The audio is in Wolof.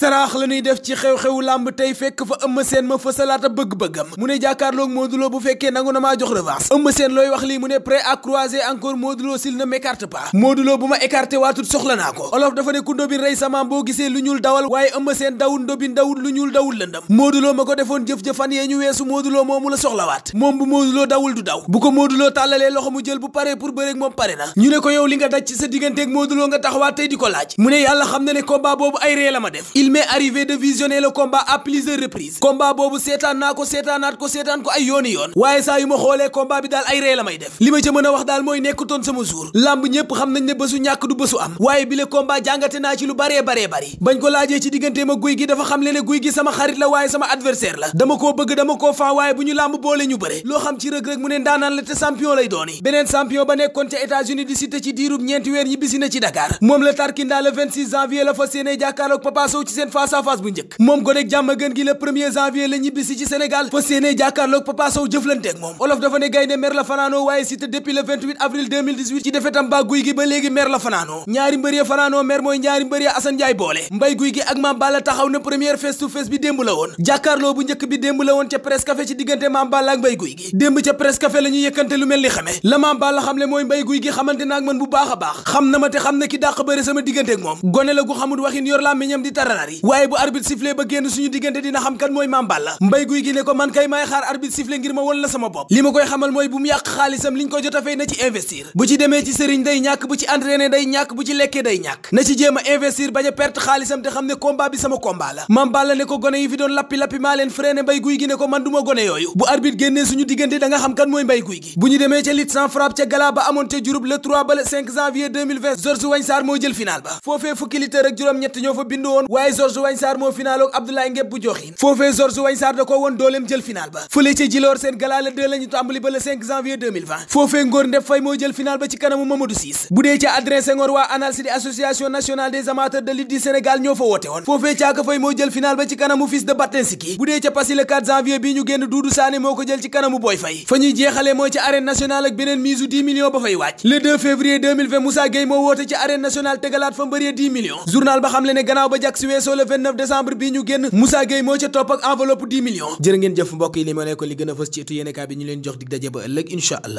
saraax la ñuy def ci xew-xewu làmb tey fekk fa Eumeu Sène ma fësalaata bëgg-bëggam mu ne jàkkaarloog Modou Lo bu fekkee nangu na maa jox revanche Eumeu Sène looy wax lii mu ne prêt à croiser encore Modou Lo s'il ne m'écarte pas Modou bu ma écarté waatut soxla naa ko olof dafa ne ku ndóbin rey samaam boo gisee lu ñuul dawal waaye Eumeu Sène dawul ndóbin dawul lu ñuul dawul lëndam Modou Lo ma ko defoon jëf-jëfan yee ñu weesu Modou Lo moomu la soxlawaat moom bu Modou Lo dawul du daw bu ko Lo tàllalee mu jël bu paree pour moom pare na ñu ne ko yow li nga daj ci sa digganteeg Modou Lo nga taxawaat tey di ko laaj mu ne ne combat boobu ay ree la ma def mais arrivé de visionner le combat à plusieurs reprises boobu seetaan naa ko seetaanaat ko seetaan ko ay yooni yoon waaye saa yu ma xoolee combat bi daal ay ree la may def li ma ca mën a wax daal mooy nekkutoon sama jour lamb ñépp xam nañ ne bésu ñàkk du bésu am waaye bi le jàngate naa ci lu baree baree bari bañ ko laajee ci diggante a guy gi dafa xam le ne guy gi sama xarit la waaye sama adversaire la dama koo bëgg dama koo faa waaye bu ñu làmb ne ndaanaan la te champion seen face bu njëkk moom gonek jàmmagën gi le premier janvier la ñibbisi ci Sénégal fas yéene jàkkaarloog Papa moom olof dafa ne gaynde mer la fanaanoo waaye Siteu depuis le 28 avril ci defetam ba guy gi ba léegi mer la fanaanoo ñaari mbër ya fanaanoo mer mooy ñaari mbër ya Assane Ndiaye boole mbay guy gi ak Mame Balla taxaw na première face to face bi démb la woon jàkkaarloo bu njëkk bi démb la woon ca presse café ci diggante Mame ñaar yi waaye bu arbitre sifflé ba génn suñu diggante dina xam mooy mbay guy gi bu ñu demee ca lit sans frappe ca gala ba amoon ca jurub le 3 ba le janvier 2020 Georges Wagne Sarr jël final ba foofee fukki litre ak juróom ñett ñoo fa bindu woon waaye foofee da Ngor Ndef Faye moo jël final ba ci kanamu Mamadou Ciss bu dee ca Adrien Senghor waa ANALCD association nationale des amateurs de lutte Sénégal ñoo fa woote woon foofee Caaka Faye moo jël final ba ci kanamu fils de Battensiki bu dee ca Passy le janvier bi ñu génn Doudou Sané moo ko jël ci kanamu Boy Faye fa ñuy jeexalee mooy ca arène ak beneen mise u 10 ba fay wàcc le 2 février 2020 Moussa moo woote ci arène nationale solo le 29 décembre bii ñu génn Moussa Gueye moo ca topp ak enveloppe 10 millions jërë ngeen jëf mbokk yi li li gën fës ci etu yéenekaay bi ñu leen jox dig daje ba ëllëg incha allah